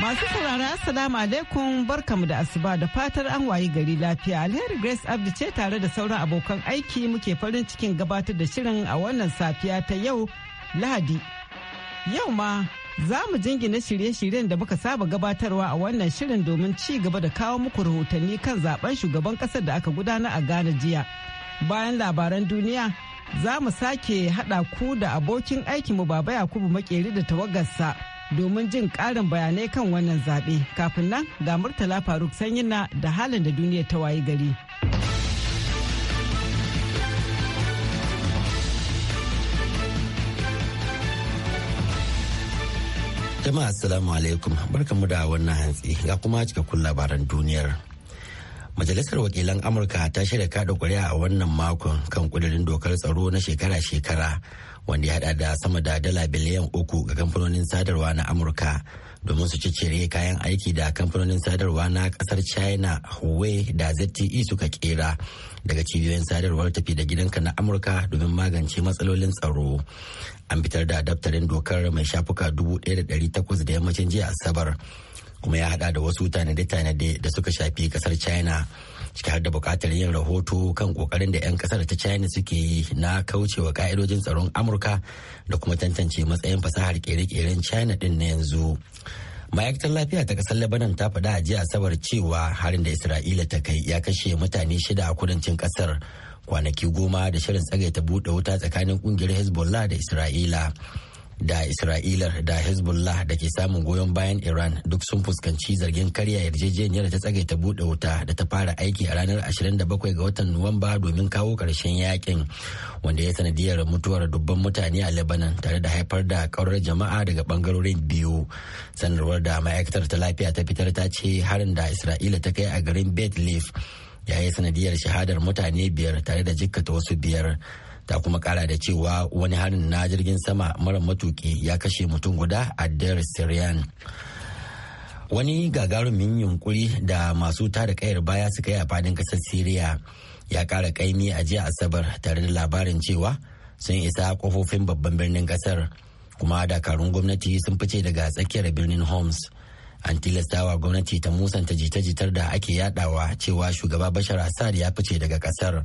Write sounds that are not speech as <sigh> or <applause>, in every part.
Masu saurara Assalamu alaikum barkamu da asuba da fatar an wayi gari lafiya alheri Grace Abdi ce tare da sauran abokan aiki muke farin cikin gabatar da shirin a wannan safiya ta yau Lahadi. Yau ma za mu jingina shirye-shiryen da muka saba gabatarwa a wannan shirin domin ci gaba da kawo muku rahotanni kan zaben shugaban kasar da aka gudana a Ghana jiya. Bayan labaran duniya za mu sake haɗa ku da abokin aikinmu Baba Yakubu Makeri da tawagarsa. domin jin ƙarin bayanai kan wannan zaɓe kafin nan ga murtala faruk sanyina da halin da duniyar ta wayi gari. Jama'a Assalamu alaikum barkamu da wannan hantsi ga kuma cikakkun labaran duniyar. Majalisar Wakilan Amurka ta shirya kaɗa kuri'a a wannan makon kan kudirin dokar tsaro na shekara-shekara wanda ya haɗa da sama da dala biliyan uku ga kamfanonin sadarwa na Amurka domin su cire kayan aiki da kamfanonin sadarwa na kasar China Huawei da ZTE suka kera daga cibiyoyin sadarwar tafi da gidanka na Amurka domin magance matsalolin tsaro. An fitar da daftarin dokar mai shafuka dubu da takwas da yammacin jiya Asabar. kuma ya hada da wasu tanade-tanade da suka shafi kasar china ciki har da bukatar yin rahoto kan kokarin da 'yan kasar ta china suke yi na kaucewa ka'idojin tsaron amurka da kuma tantance matsayin fasahar kere-keren china din na yanzu ma'aikatar lafiya ta kasar lebanon ta faɗa a jiya asabar cewa harin da isra'ila ta kai ya kashe mutane shida a kudancin kasar kwanaki goma da shirin tsagaita buɗe wuta tsakanin kungiyar hezbollah da isra'ila da isra'ilar da hezbollah da ke samun goyon bayan iran duk sun fuskanci zargin karya yarjejeniyar ta tsagaita buɗe wuta da ta fara aiki a ranar 27 ga watan nuwamba domin kawo karshen yakin wanda ya sanadiyar mutuwar dubban mutane a lebanon tare da haifar da ƙaurar jama'a daga bangarorin biyu sanarwar da ma'aikatar ta lafiya ta fitar ta ce harin da isra'ila ta kai a garin beth leaf ya yi sanadiyar shahadar mutane biyar tare da jikkata wasu biyar ta kuma kara da cewa wani harin na jirgin sama mara matuki ya kashe mutum guda a dar syrian wani gagarumin yunkuri da masu tada kayar baya suka yi a fadin kasar syria ya kara kaimi a jiya asabar tare da labarin cewa sun isa kofofin babban birnin kasar kuma dakarun gwamnati sun fice daga tsakiyar birnin homs an tilastawa gwamnati ta musanta jita-jitar da ake yadawa cewa shugaba bashar assad ya fice daga kasar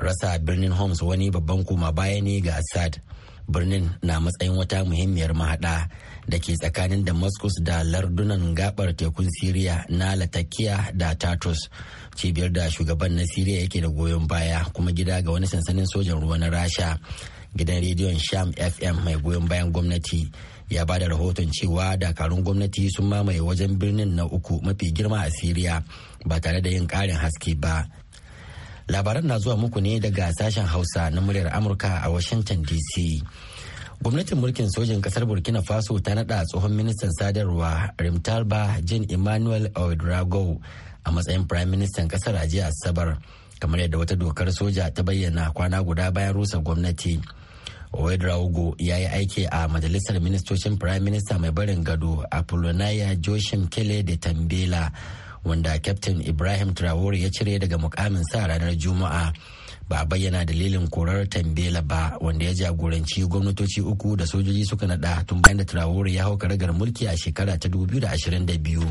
rasa birnin homs wani babban koma baya ne ga assad birnin na matsayin wata muhimmiyar mahada da ke tsakanin damascus da lardunan gabar tekun siriya na latakia da tartus cibiyar da shugaban na siriya yake da goyon baya kuma gida ga wani sansanin sojan ruwa na rasha gidan rediyon sham fm mai goyon bayan gwamnati ya ba da rahoton cewa dakarun gwamnati sun mamaye wajen birnin na uku mafi girma a siriya ba tare da yin karin haske ba labaran na zuwa muku ne daga sashen hausa na muryar amurka a washington dc gwamnatin mulkin sojin kasar burkina faso ta nada tsohon ministan sadarwa rimtalba jin emmanuel oedrago a matsayin prime ministan kasar a jiya asabar kamar yadda wata dokar soja ta bayyana kwana guda bayan rusa gwamnati oedrago ya yi aiki a majalisar ministocin prime minister mai barin gado apollonia joshim kele de tambela wanda kyaftin ibrahim traore ya cire daga mukamin sa ranar juma'a ba a bayyana dalilin korar tambela ba wanda ya jagoranci gwamnatoci uku da sojoji suka nada tun bayan da traore ya hau karagar mulki a shekara ta 2022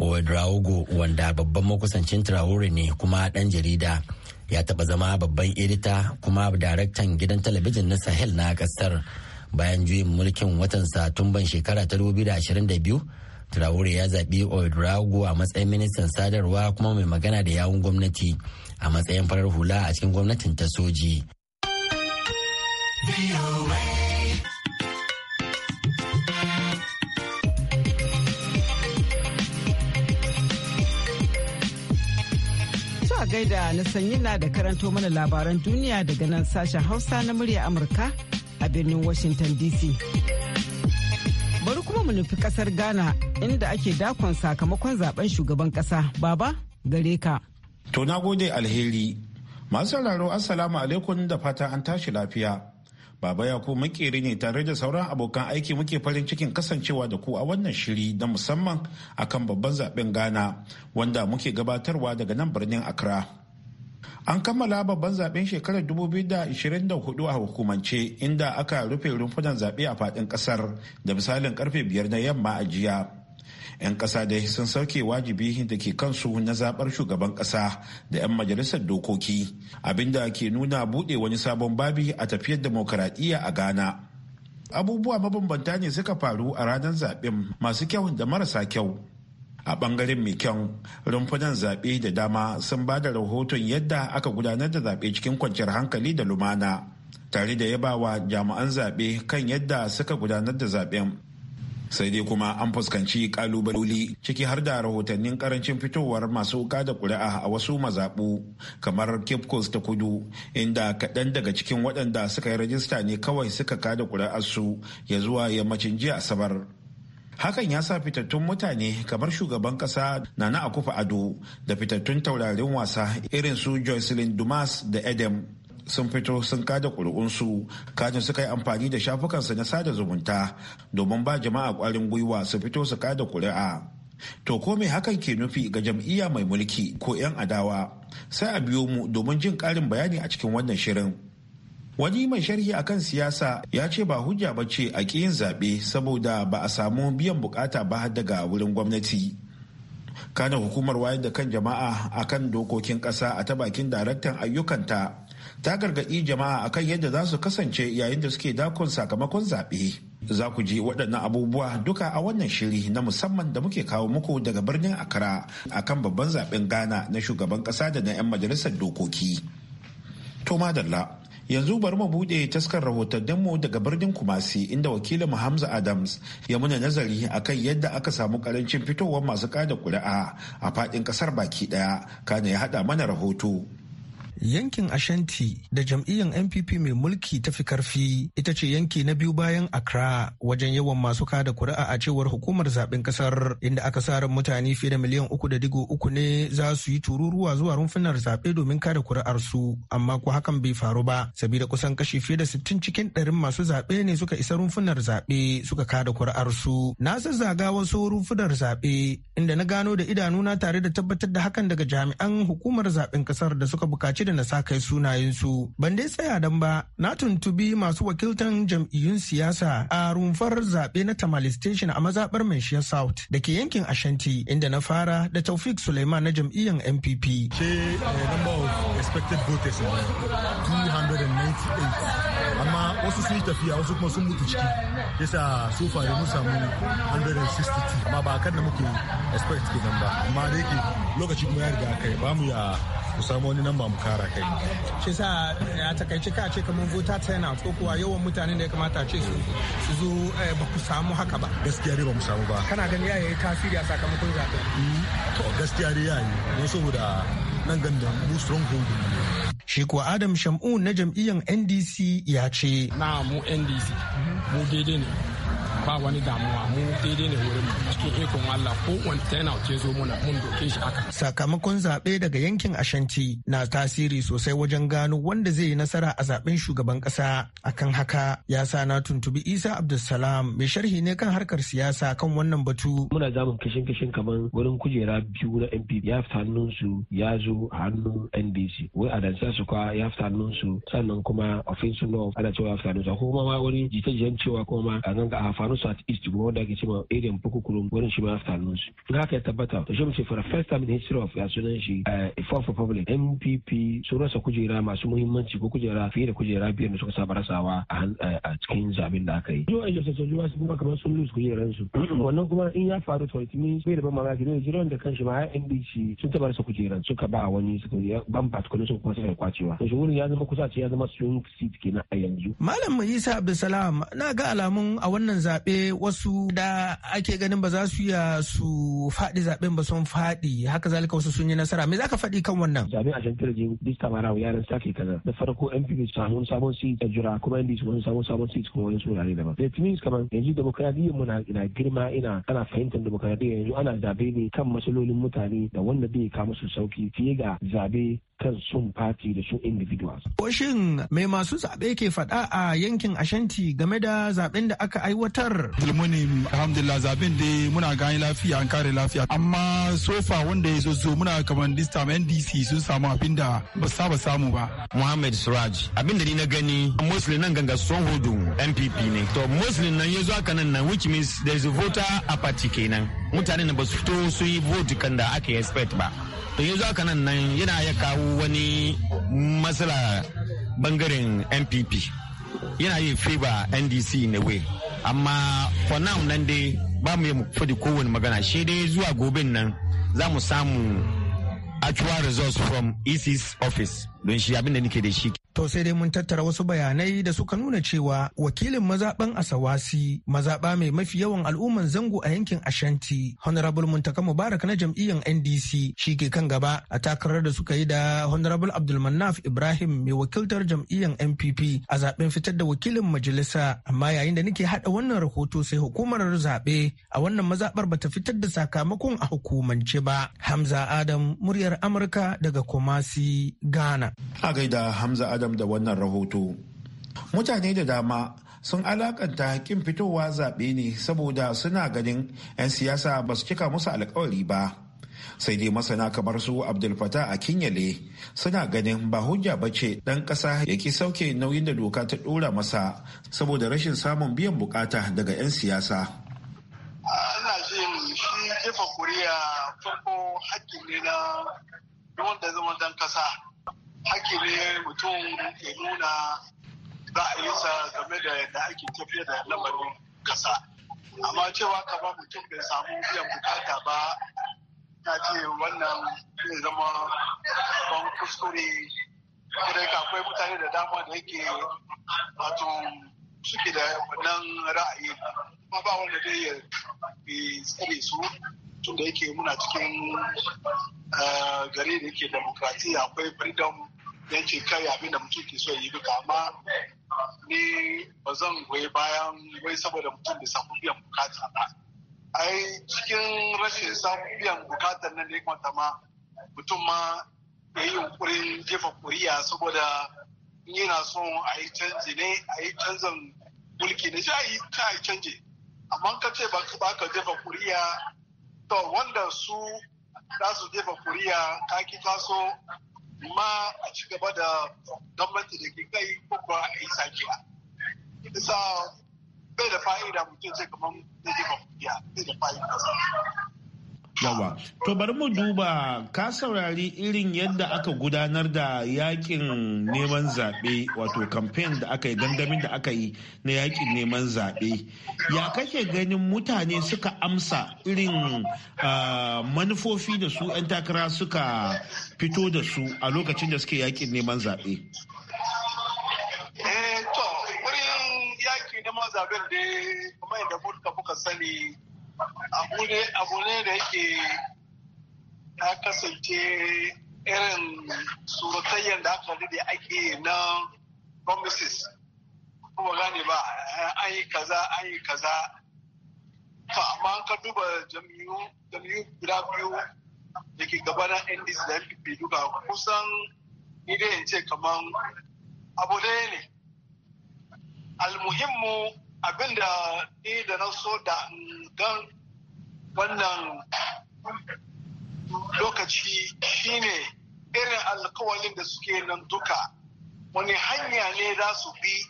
Ouedraogo wanda babban makusancin traore ne kuma dan jarida ya taba zama babban edita kuma daraktan gidan talabijin na sahel na kasar bayan juyin mulkin watan satumban shekara ta 2022 Traore ya zaɓi Oedrago a matsayin ministan sadarwa kuma mai magana da yawun gwamnati a matsayin farar hula a cikin gwamnatin ta soji. gaida na sanyi na da karanto mana labaran duniya daga nan sashen hausa na murya amurka a birnin washington dc mu nufi kasar Ghana inda ake dakon sakamakon zaben shugaban kasa. Baba gare ka. To na gode alheri. Masu sauraro Assalamu alaikum da fata an tashi lafiya. Baba ya ku makeri ne tare da sauran abokan aiki muke farin cikin kasancewa da ku a wannan shiri na musamman akan babban zaben Ghana wanda muke gabatarwa daga nan birnin Accra. An kammala babban zaben shekarar 2024 a hukumance inda aka rufe rumfunan zaɓe a faɗin ƙasar da misalin karfe biyar na yamma a jiya. 'Yan ƙasa dai sun sauke wajibi da ke kansu na zaɓar shugaban ƙasa da 'yan majalisar dokoki abinda ke nuna buɗe wani sabon babi a tafiyar demokaradiyya a Ghana. Abubuwa mabambanta ne suka faru a ranar zaɓen masu kyau da marasa kyau. a bangaren mekong rumfunan zaɓe da dama sun ba da rahoton yadda aka gudanar da zaɓe cikin kwanciyar hankali da lumana tare da yabawa jami'an zaɓe kan yadda suka gudanar da zaɓen sai dai kuma an fuskanci kalubaloli ciki har da rahotannin karancin fitowar masu wuka da ƙuri'a a wasu mazaɓu kamar cape coast ta kudu inda kaɗan daga cikin waɗanda suka yi rajista ne kawai suka kada kuri'arsu ya zuwa yammacin jiya asabar hakan ya sa fitattun mutane kamar shugaban kasa nana akufa ado da fitattun taurarin wasa irin su jocelyn dumas da edem sun fito sun kada ƙuri'unsu kajin suka yi amfani da shafukansu na sada zumunta domin ba jama'a kwarin gwiwa su fito su kada ƙuri'a to ko me hakan ke nufi ga jam'iyya mai mulki ko 'yan adawa sai a biyo mu domin jin ƙarin bayani a cikin wannan shirin wani mai sharhi akan siyasa ya ce ba hujja ba ce a yin zaɓe saboda ba a samu biyan bukata ba daga wurin gwamnati kana hukumar wayar da kan jama'a akan dokokin ƙasa a ta bakin daraktan ayyukanta ta gargaɗi jama'a akan yadda za su kasance yayin da suke dakon sakamakon zaɓe za ku ji waɗannan abubuwa duka a wannan shiri na musamman da muke kawo muku daga birnin akara akan babban zaɓen ghana na shugaban ƙasa da na 'yan majalisar dokoki to madalla yanzu bari mu buɗe taskar rahotanninmu daga birnin kumasi inda wakilin mu hamza adams ya muna nazari akan yadda aka samu karancin fitowar masu kada kuri'a a faɗin ƙasar baki ɗaya kana ya haɗa mana rahoto yankin ashanti da jam'iyyar npp mai mulki ta fi karfi ita ce yanki na biyu bayan accra wajen yawan masu kada kuri'a a cewar hukumar zaben kasar inda aka sa ran mutane fiye da miliyan uku da digo uku ne za su yi tururuwa zuwa rumfunar zaɓe domin kada kuri'ar su amma ko hakan bai faru ba sabida kusan kashi fiye da sittin cikin ɗarin masu zaɓe ne suka isa rumfunar zaɓe suka kada kuri'ar su na zazzaga wasu rumfunar zaɓe inda na gano da idanuna tare da tabbatar da hakan daga jami'an hukumar zaben kasar da suka buƙaci da na sa kai sunayensu. Ban dai tsaya dan ba, na tuntubi masu wakiltan jam'iyyun siyasa a rumfar zaɓe na Tamale Station a mazaɓar Manshiya South da ke yankin Ashanti inda na fara da Taufik Suleiman na jam'iyyar NPP. She eh, number of expected voters 298. amma wasu sun tafiya wasu kuma sun mutu ciki yasa su fari mun samu 162 amma ba kan da muke expect kenan ba amma dai yake lokaci kuma ya riga kai ba mu ya ku samu wani namba mu kara kai shi sa a takaice ka ce kamar ta turnout ko kuwa yawan mutane da ya kamata ce su su zo eh, ba ku samu haka ba gaskiya ne ba mu samu ba kana gani ya yi tasiri a sakamakon zaɓe mm. to gaskiya ne ya yi ne saboda nan ganda mu stronghold shi kuwa adam shamu na jam'iyyar ndc ya ce na mu ndc mu daidai ne ba wani damuwa mu daidai ne wurin mu cikin ikon Allah ko wani turnout ya zo muna mun doke shi haka. Sakamakon zaɓe daga yankin Ashanti na tasiri sosai wajen gano wanda zai yi nasara a zaɓen shugaban ƙasa akan haka ya sa na tuntubi Isa Abdulsalam mai sharhi ne kan harkar siyasa kan wannan batu. Muna zamun kishin kishin kamar wurin kujera biyu na NPP ya fita hannunsu ya zo hannun NDC wai a dansa su kwa ya fita hannunsu sannan kuma offensive law ana cewa ya fita hannunsu kuma wani jita-jitan cewa kuma a ganga a faru south east wanda ake cewa area bukukurum wurin shi ma same su in haka ya tabbata to shi mace for the first time in history of ya sunan shi eh, a for republic MPP sun rasa kujera masu muhimmanci ko kujera fiye da kujera biyar da suka saba rasawa a eh, cikin zaben da aka yi yau ai jasa sojuwa su kuma kamar sun lose kujeran su wannan kuma in ya faru to it means bai da ban mamaki ne jiran da kanshi ma NDC sun taba rasa kujeran suka ba wani suka ban kuma suka kuma suka kwacewa to shi wurin ya zama kusa ce ya zama swing seat kenan a yanzu malam Isa Abdulsalam na ga alamun a wannan zaben zaɓe wasu da ake ganin ba za su iya su faɗi zaɓen ba sun faɗi haka zalika wasu sun yi nasara me zaka faɗi kan wannan zaɓen a shantar jin lista mara ya sake kaza da farko NPP su samu sabon seat a jira kuma NDC wani samu sabon seat kuma wani surare daban da tunis kamar yanzu demokradiyyar mu na girma ina ana fahimtar demokradiyyar yanzu ana zaɓe ne kan matsalolin mutane da wanda bai kawo musu sauki fiye ga zaɓe kan sun fati da su individuals. Washin mai masu zaɓe ke faɗa a yankin Ashanti game da zaɓen da aka aiwatar. Zulmuni alhamdulillah zaɓen dai muna gani lafiya an kare lafiya amma sofa wanda ya zo muna kamar this time NDC sun samu abin da ba saba samu ba. Muhammad Suraj abin da ni na gani Muslim nan ganga son hudu NPP ne. To Muslim nan ya zo haka nan nan which means there is a voter apathy kenan. Mutanen ba su fito su yi vote kan da aka expect ba. to yanzu haka nan nan yana ya kawo wani matsala bangaren npp yana yi fiba ndc ne we amma for now nan dai ba mu yi fadi kowane magana shi dai zuwa gobe nan za mu samu actual results from EC's office don shi abin da nake da shi To sai dai mun tattara wasu bayanai da suka nuna cewa wakilin mazaɓan Asawasi mazaɓa mai mafi yawan al'umman zango a yankin Ashanti Honorable Muntaka Mubarak na jam'iyyar NDC shi ke kan gaba a takarar da suka yi da Honorable Abdulmanaf Ibrahim mai wakiltar jam'iyyar NPP a zaben fitar da wakilin majalisa amma yayin da nake haɗa wannan rahoto sai hukumar zaɓe a wannan mazaɓar bata fitar da sakamakon a hukumance ba. Hamza Adam muryar Amurka daga Kumasi Gana. A gaida Hamza Adam game da wannan rahoto mutane da dama sun alakanta hakkin fitowa zaɓe ne saboda suna ganin 'yan siyasa ba su cika musu alkawari ba sai dai masana kamar su abdulfata a kinyale suna ganin ba hujja ba ce ɗan ƙasa ya ki sauke nauyin da doka ta ɗora masa saboda rashin samun biyan bukata daga 'yan siyasa ana jin shi jefa kuriya farko hakkin ne na wanda zama ɗan ƙasa hakki ne mutum ya nuna ra'ayinsa game da yadda ake tafiyar da lamarin ƙasa. amma cewa kama mutum bai samu biyan bukata ba na ce wannan zai zama ban kuskure kudai ka akwai mutane da dama da yake wato suke da wannan ra'ayi ba wanda zai ya tsare su to da yake muna cikin eh, gari da yake demokratiya akwai freedom yake kai abin da mutum ke so yi duka amma ni ba zan goyi bayan wai saboda mutum da samu biyan bukata ba ai cikin rashin samun biyan bukatar nan da ya kamata ma mutum ma ya yi yunkurin jefa kuriya saboda yana son a yi canji ne a yi canzan mulki ne shi a yi canji amma ka ce ba ka jefa kuriya to wanda su za su jefa kuriya kaki taso ma a ci gaba da gwamnati da ke kai ko kuwa a yi sakiya isa bai da fa'ida mutum sai kamar zai jefa kuriya bai da fa'ida yawa to bari mu duba ka saurari irin yadda aka gudanar da yakin neman zaɓe wato kamfen da aka yi gangamin da aka yi na yakin neman zaɓe ya kake ganin mutane suka amsa irin ah, manufofi da su 'yan takara suka fito da su a lokacin da suke yakin neman zaɓe eh, neman zaɓen da kuma yadda kuka sani abu ne da yake ya kasance irin surutayyar da aka da ake na promises kuma gane ba an yi kaza an yi kaza to amma ka duba jami'u guda biyu da ke gabana ndc da mpp duka kusan idan ce kamar abu ɗaya ne almuhimmu abin da ni da na so da don wannan lokaci shine irin alkawalin da suke nan duka wani hanya ne za su bi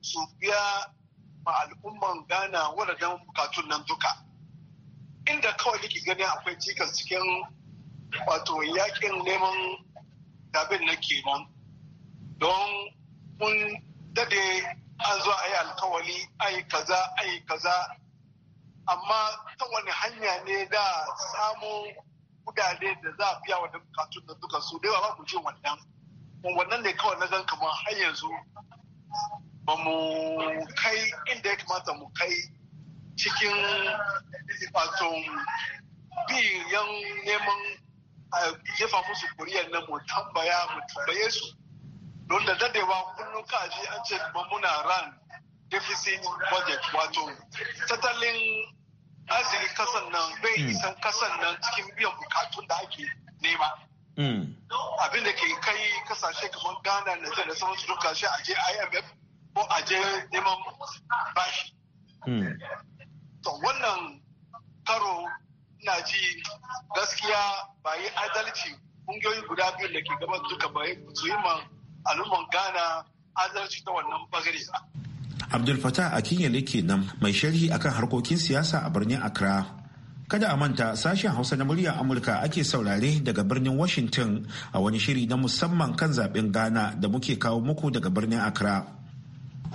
su biya ma al'umman ghana wadannan bukatun nan duka inda kawai nake gani akwai cikin cikin wato yakin neman dabin na kenan don mun dade an zo a yi alkawali yi kaza yi kaza amma ta wani hanya ne da samun kudade da za a biya wa bukatun da duka su da yawa ba jin wannan wannan ne kawai na gan kamar har yanzu ba mu kai inda ya kamata mu kai cikin wato biyan neman jefa musu kuriyar nan mu tambaya mu tambaye su don da dadewa kullum kaji an ce muna ran deficit budget wato tattalin arziki kasan nan bai hmm. isan kasan nan cikin biyan bukatun da ake nema hmm. abin da ke kai kasashe kamar ghana na da sama su duka shi aje imf ko aje neman bashi hmm. to wannan karo na ji gaskiya bayi adalci ƙungiyoyi guda biyu da ke gaban duka ba su yi ma. al'umman Ghana adalci ta wannan bagare. Abdul Fattah ke kenan mai sharhi akan harkokin siyasa a birnin Accra. Kada a manta sashen Hausa na muryar Amurka ake saurare daga birnin Washington a wani shiri na musamman kan zaben Ghana da muke kawo muku daga birnin Accra.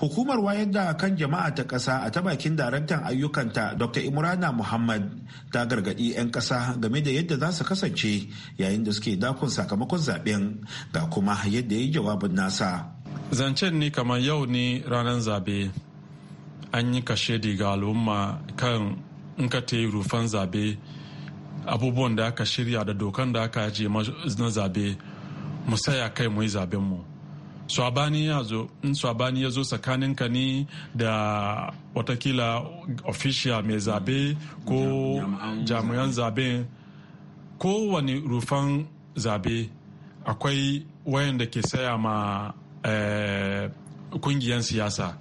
Hukumar wayar da kan jama'a ta kasa a ta bakin daraktan ayyukanta Dr. Imrana Muhammad ta gargadi 'yan kasa game da yadda za su kasance yayin da suke dakon sakamakon zaben ga kuma yadda ya yi jawabin nasa. Zancen ni kamar yau ne ranar zabe. An yi kashe ga al'umma kan in ka ta yi rufan zabe abubuwan da aka shirya da dokan da aka je na zabe mu saya kai mu yi zaben mu. swabani ya zo in swabani ya zo tsakaninka ne da watakila official mai zabe ko jami'an zabe kowane rufan zabe akwai wayanda ke saya ma eh, kungiyan siyasa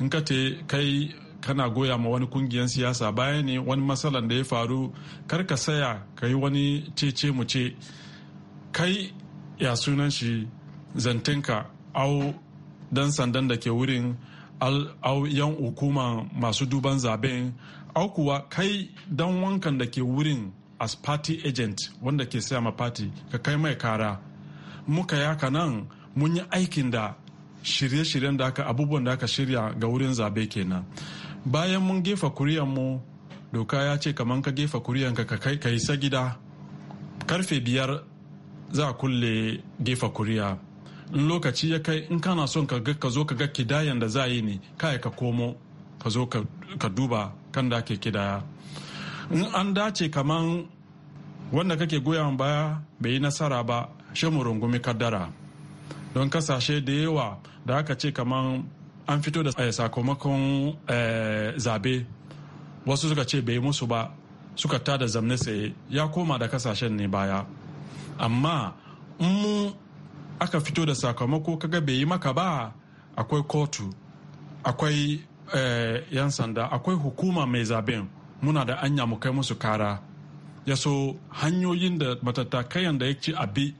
in ka te kai kana goya ma wani kungiyan siyasa baya ne wani matsalan da ya faru kar ka saya ka yi wani cece mu ce kai ya sunan shi zantinka au dan sandan da ke wurin au yan hukuma masu duban zaben au kuwa kai dan wankan da ke wurin as party agent wanda ke sama ma party ka kai mai kara muka yaka nan mun yi aikin da shirye-shiryen da aka abubuwan da aka shirya ga wurin zabe kenan bayan mun gefa mu doka ya ce kamar ka gefa kuriyanka ka kai ka isa gida karfe biyar za a kulle gefa kuriya lokaci ya kai in kana son ka ga ka zo ka ga kidayan da za yi ne kai ka komo ka zo ka duba kan da ke kidaya in an dace kaman wanda kake goyon baya bai yi nasara ba shi mu rungumi kaddara don kasashe da yawa da aka ce kaman an fito da eh, sakamakon eh, zabe wasu suka ce bai musu ba suka tada zamne tsaye ya koma da kasashen ne baya amma mu aka fito da sakamako kaga bai yi maka ba akwai kotu akwai eh, yan sanda akwai hukuma mai zaben muna da anya mu kai musu kara ya so hanyoyin da matattakayan da ya ci abi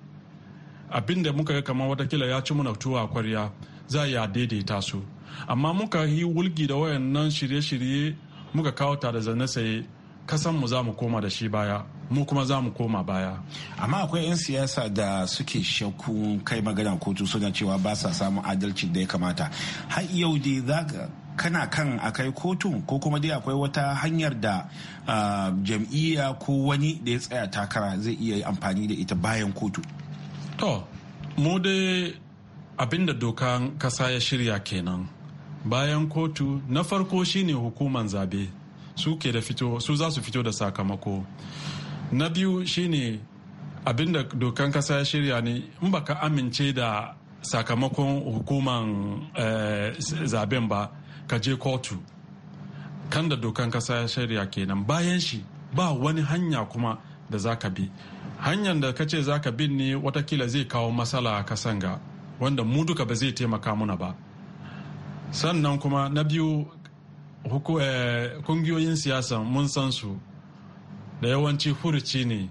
abin da muka ga kamar watakila ya ci muna tuwa kwarya za ya daidaita su amma muka yi wulgi da wayannan shirye-shirye muka kawo tare da zane saye Kasan mu za mu koma da shi baya mu kuma za mu koma baya amma akwai 'yan siyasa da suke shakku kai magana kotu suna cewa ba sa samun adalci da ya kamata har yau dai za kana kan akai kotu ko kuma dai akwai wata hanyar da jam'iyya ko wani da ya tsaya takara zai iya yi amfani da ita bayan kotu to mu dai abinda dokan kasa ya shirya kenan bayan kotu na farko shine hukuman zabe su ke da fito su za su fito da sakamako na biyu shine abinda dokan kasa ya shirya ne in baka amince da sakamakon hukuman eh, zaben ba ka je kotu kan da dokan kasa ya shirya kenan bayan shi ba wani hanya kuma da za ka bi hanyar da ka ce za ka bin ne watakila zai kawo matsala a kasan ga wanda mu duka ba zai taimaka muna ba sannan kuma na biyu Eh, kungiyoyin siyasa mun san su da yawanci furuci ne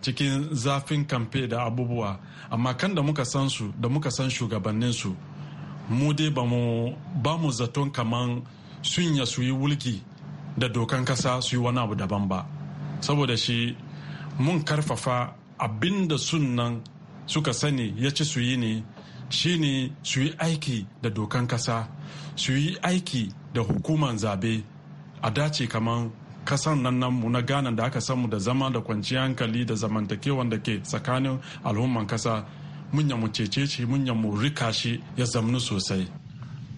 cikin zafin kamfe da abubuwa amma kan da muka san su da muka san shugabanninsu mu dai ba mu zaton kaman sun ya su yi wulki da dokan kasa su yi wani abu daban ba saboda shi mun karfafa abinda da sun suka sani ya ci su yi ne shine su yi aiki da dokan kasa su yi aiki da hukuman zabe a dace kamar kasan nan nan mu na ghana da aka mu da zama da kwanciyar hankali da zamantakewan da ke tsakanin al'umman kasa munya mu cece shi munya mu rika shi ya zamnu sosai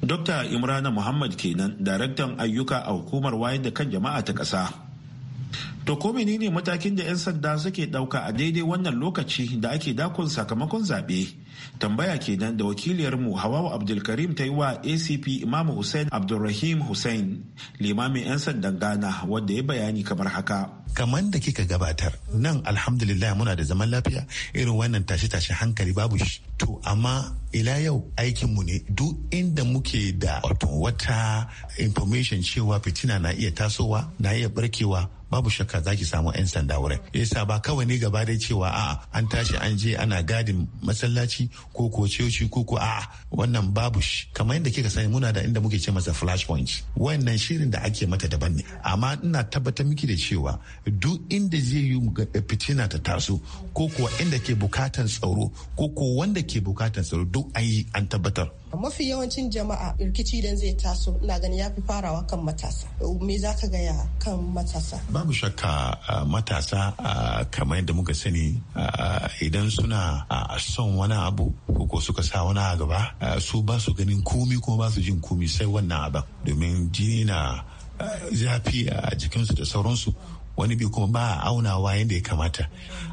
Dr. Imrana Muhammad kenan daraktan ayyuka a hukumar wayar da kan jama'a ta kasa. To ko menene matakin da 'yan sanda suke dauka a daidai wannan lokaci da ake dakon sakamakon zaɓe tambaya kenan da wakiliyarmu wa abdulkarim ta yi wa acp imamu hussein abdulrahim hussein limamin 'yan sandan ghana wanda ya bayani kamar haka kamar da kika gabatar nan alhamdulillah muna da zaman lafiya irin wannan tashe-tashe hankali babu shi to amma ila yau aikinmu ne duk inda muke da wata information cewa fitina na iya tasowa na iya barkewa babu shakka zaki samu 'yan sanda wurin yasa ba kawai ne gaba dai cewa a'a an tashi an je ana gadin masallaci ko ko coci ko ko a wannan babu shi kamar yadda kika sani muna da inda muke ce masa flash point wannan shirin da ake mata daban ne amma ina tabbatar miki da cewa duk inda zai yi fitina ta taso ko kuwa inda ke bukatan tsaro ko ko wanda ke bukatan tsaro duk an yi an tabbatar mafi yawancin jama'a rikici idan zai taso ina ganin ya fi farawa kan matasa me za ka gaya kan matasa babu shakka matasa kamar yadda muka sani idan suna son wani abu ko suka sa wani a gaba su ba su ganin komi ko ba su jin komi sai wannan abin domin jini na zafi a jikinsu da sauransu wani bi kuma ba a aunawa yadda ya kamata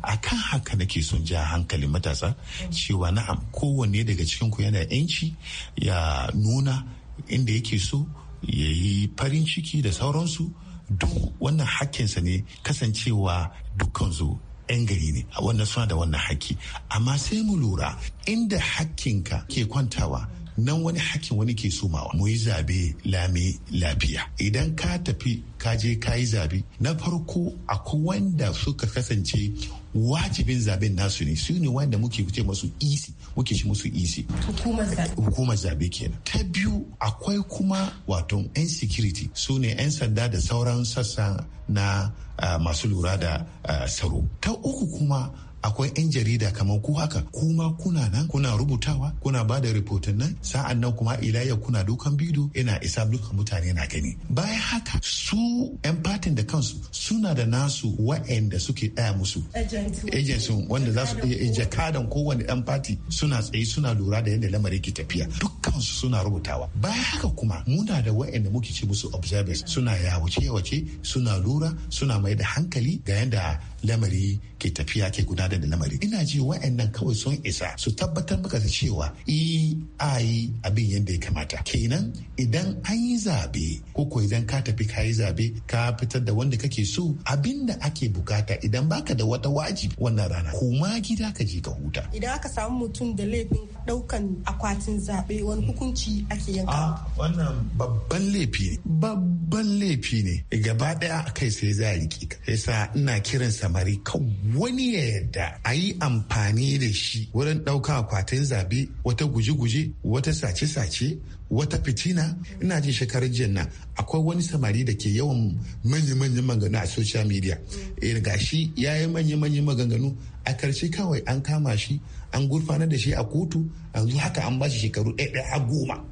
a kan haka nake son ja hankali matasa cewa na'am kowanne daga cikin ku yana yanci ya nuna inda yake so ya yi farin ciki da sauransu duk wannan hakkinsa ne kasancewa dukkansu 'yan gari ne a wannan suna da wannan hakki amma sai mu lura inda hakkinka ke kwantawa nan wani hakkin wani ke somawa mu yi zabe lami lafiya idan ka tafi ka je ka yi zabe na farko akwai wanda suka kasance wajibin zaben nasu ne su ne wanda muke ce masu isi e muke shi musu isi e hukumar zabe kenan ta biyu akwai kuma wato yan security su ne yan sanda da sauran sassa na ah, masu lura da ah, tsaro ta uku kuma akwai 'yan jarida kamar ku haka kuma kuna nan kuna rubutawa kuna ba da rahoton nan sa'an nan kuma ilayya kuna dukan bidiyo ina isa dukan mutane na gani bayan haka su 'yan fatin da kansu suna da nasu wa'anda suke ɗaya musu agents wanda za su iya jakadan kowane 'yan fati suna tsaye suna lura da yadda lamarin ke tafiya dukkansu suna rubutawa bayan haka kuma muna da wa'anda muke ce musu observers suna yawace yawace suna lura suna mai da hankali ga yadda lamari ke tafiya ke gudanar da lamari ina ji wa'annan kawai sun isa su tabbatar maka da cewa E, a yi abin yadda ya kamata kenan idan an yi zabe ko ko idan ka tafi ka yi zabe ka fitar da wanda kake so abin da ake bukata idan baka da wata wajibi wannan rana kuma gida ka je ka huta idan aka samu mutum da laifin daukan akwatin zabe wani hukunci ake yanka wannan babban laifi ne babban laifi ne gaba daya kai sai za a riƙe ka yasa ina kiransa samari kan wani ya yadda a yi amfani da shi wurin ɗauka akwatin zabe wata guje-guje wata sace-sace wata fitina ina jin shekarar jiya nan akwai wani samari da ke yawan manya-manyan maganganu a social media mm. eh, ga shi ya yi manya-manyan maganganu a karshe kawai an kama shi an gurfanar da shi a kotu yanzu haka an ba shi shekaru ɗaya a goma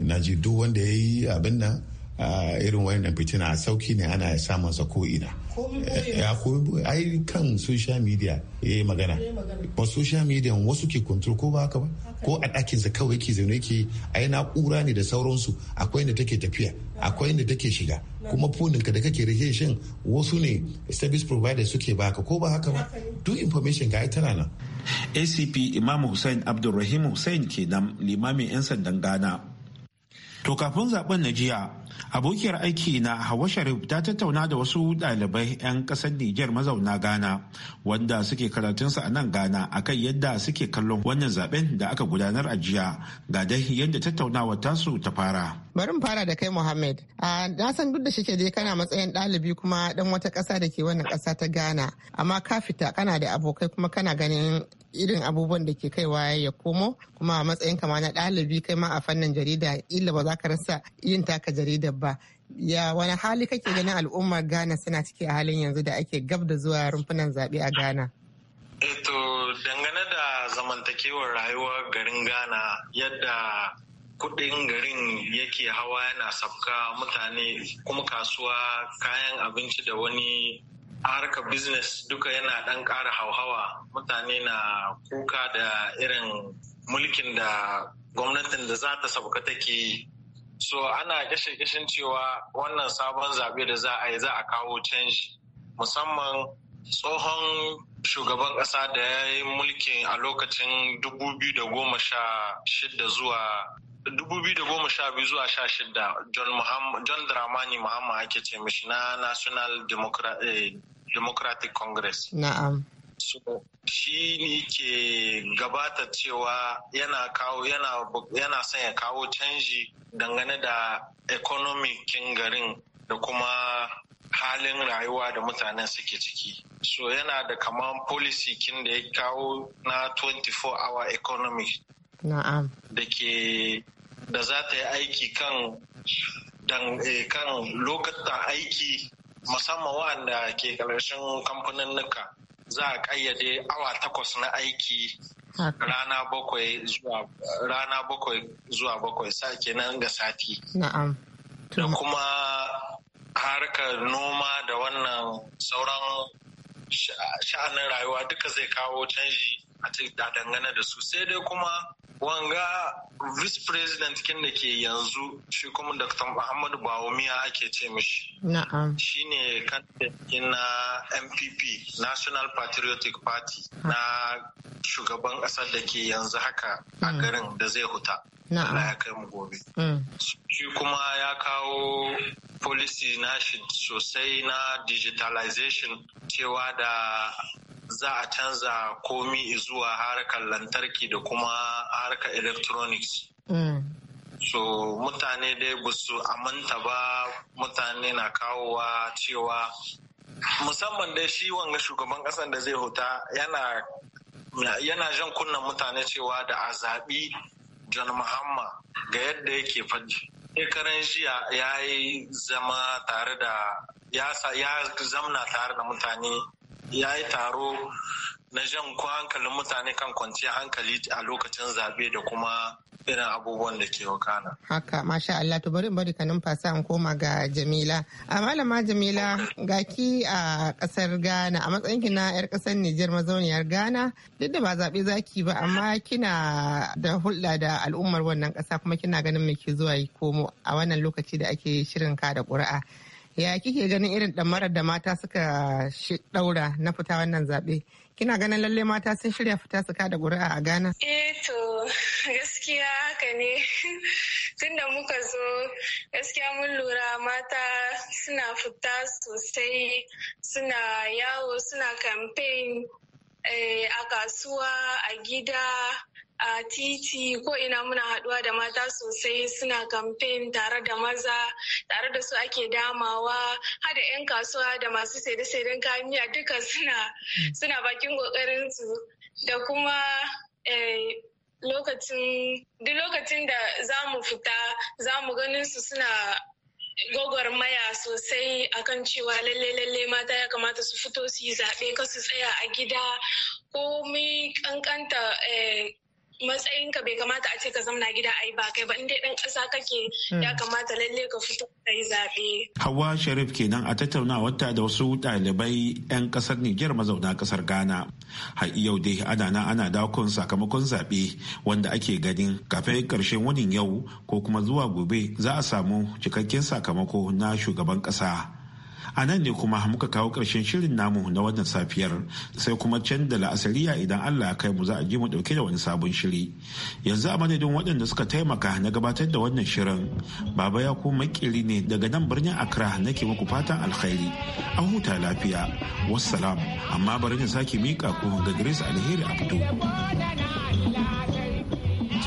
ina ji duk wanda ya yi abin nan irin wayannan fitina sauki ne ana samun sa ko ina eh, ya komi ai kan social media ya yi magana ba social media wasu ke control ko ba haka ba ko a sa kawai ke zaune ke ai kura ne da sauransu akwai inda take tafiya akwai inda take shiga kuma ka da kake rike shin wasu ne service provider suke baka ko ba haka ba duk information ga ita nan acp imam hussein abdulrahim hussein kenan limamin 'yan sandan gana. to kafin zaben na jiya abokiyar aiki na hawa sharif ta tattauna da wasu dalibai 'yan ƙasar niger mazauna ghana wanda suke karatunsa a nan ghana akan yadda suke kallon wannan zaben da aka gudanar a jiya ga dai yadda tattaunawa tasu ta fara bari mu fara da kai muhammad a na san duk da shike dai kana matsayin dalibi kuma dan wata ƙasa da ke wannan ƙasa ta ghana amma ka fita kana da abokai kuma kana ganin irin abubuwan da ke kaiwa ya komo kuma a matsayin kama na ɗalibi kai ma a fannin jarida illa ba za ka rasa yin taka jaridar ba ya wani hali kake ganin al'ummar ghana suna ciki a halin yanzu da ake gab da zuwa rumfunan zaɓe a ghana eto eh dangane da zamantakewar rayuwar garin ghana yadda kudin garin yake hawa yana sabka mutane kuma kasuwa kayan abinci da wani a harkar business duka yana ɗan ƙara hauhawa mutane na kuka da irin mulkin da gwamnatin da za ta sauka take yi so ana kashe kishin cewa wannan sabon zaɓe da za a yi za a kawo canji musamman tsohon shugaban ƙasa da ya yi mulkin a lokacin 2016 zuwa 2012 zuwa 16 john dramani muhammad ake ce mishi na national eh, democratic congress na'am so shi ne ke gabata cewa yana kawo yana son ya kawo canji dangane da economic garin da kuma halin rayuwa da mutanen suke ciki so yana da kaman policy kin da ya kawo na 24 hour economy Na'am. Da ke da za ta yi aiki kan eh, kan lokacin aiki musamman waɗanda ke ƙarshen kamfanin nuka za a ƙayyade awa takwas na aiki rana bakwai zuwa rana bakwai zuwa bakwai sa ga sati. Na'am. Da kuma harkar noma da wannan sauran sha'anin rayuwa duka zai kawo canji a dangane da su sai dai kuma wanga vice president kin da ke yanzu shi kuma dr muhammadu bawumiya ake ce mishi shi ne kandidatin na mpp national patriotic party na shugaban kasar da ke yanzu haka a mm. garin da zai huta Allah ya kai mu gobe mm. shi kuma ya kawo policy na shi sosai na digitalization cewa da za a canza komi zuwa harkar lantarki da kuma harkar electronics. Mm. So mutane dai ba su amanta ba mutane na kawowa cewa musamman dai shi wanga shugaban kasan da zai huta yana yana jan kunnan mutane cewa da a zaɓi John Mahama ga yadda yake faɗi. Shekaran jiya ya yi zama tare da ya zamna tare da mutane ya yi taro na jan ko hankalin mutane kan kwanciyar hankali a lokacin zaɓe da kuma irin abubuwan da ke wakana. Haka, masha Allah, to bari bari ka numfasa an koma ga Jamila. A malama Jamila, ga ki a ƙasar Ghana, a matsayin ki na 'yar ƙasar Nijar mazauniyar Ghana, duk da ba zaɓe zaki ba, amma kina da hulɗa da al'ummar wannan ƙasa kuma kina ganin me ke zuwa yi komo a wannan lokaci da ake shirin ka da ƙuri'a. ya kike ganin irin ɗamarar da mata suka ɗaura na fita wannan zaɓe kina ganin lalle mata sun shirya fita su kada ƙuri'a a ghana e to gaskiya haka ne <laughs> tunda muka zo gaskiya mun lura mata suna fita sosai suna yawo suna campaign eh, a kasuwa a gida a titi ko ina muna haduwa da mata sosai suna kamfen tare da maza tare da su ake damawa hada 'yan kasuwa da masu saide-saiden kamiya duka hmm. suna bakin kokarin su da kuma eh, lokacin duk lokacin da za mu fita za mu ganin su suna maya sosai akan cewa lalle lalle mata ya kamata su fito su yi zaɓe ka su tsaya a gida ko komai kankanta eh, matsayin ka bai kamata a ce ka zamna gida ai ba kai ba in dai dan kasa kake hmm. ya kamata lalle ka fito ka yi zaɓe. Hawa Sharif kenan a tattaunawar ta da wasu ɗalibai 'yan ƙasar niger mazauna ƙasar Ghana. Har yau dai ana na ana dakon sakamakon zaɓe wanda ake ganin kafin karshen wani yau ko kuma zuwa gobe za a samu cikakken sakamako na shugaban ƙasa. a nan ne kuma muka kawo ƙarshen shirin namu na wannan safiyar sai kuma can da la'asariya idan allah kai mu za a ji mu ɗauke da wani sabon shiri yanzu a madadin waɗanda suka taimaka na gabatar da wannan shirin baba ya kuma makiri ne daga nan birnin accra nake muku fatan alkhairi an huta lafiya wassalam amma bari na sake miƙa ku ga grace alheri a fito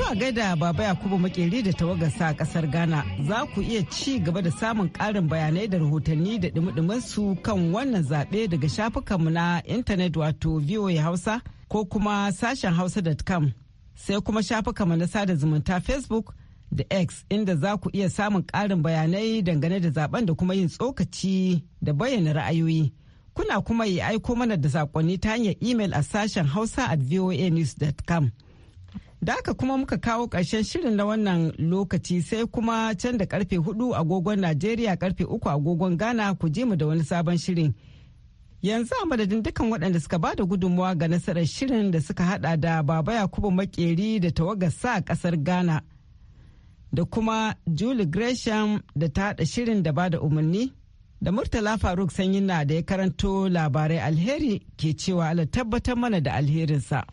To a gaida Baba Yakubu Makeri da tawagarsa a kasar Ghana za ku iya ci gaba da samun ƙarin bayanai da rahotanni da dumi su kan wannan zaɓe daga shafukanmu na intanet wato VOA Hausa ko kuma sashen hausa.com sai kuma shafukanmu na sada zumunta Facebook da X inda za ku iya samun karin bayanai dangane da zaben da kuma yin tsokaci da bayyana ra'ayoyi. Kuna kuma yi aiko mana da saƙonni ta hanyar email a sashen hausa at voanews.com. Da aka kuma muka kawo ƙarshen shirin na wannan lokaci sai kuma can da karfe hudu agogon Najeriya karfe uku agogon Ghana ku je mu da wani sabon shirin. Yanzu a madadin dukkan waɗanda suka ba da gudunmawa ga nasarar shirin da suka hada da Baba Yakubu Makeri da tawagar sa ƙasar Ghana da kuma Julie Gresham da ta haɗa shirin da ba da umarni. Da Murtala Faruk Sanyi na da ya karanto labarai alheri ke cewa ala tabbatar mana da alherinsa.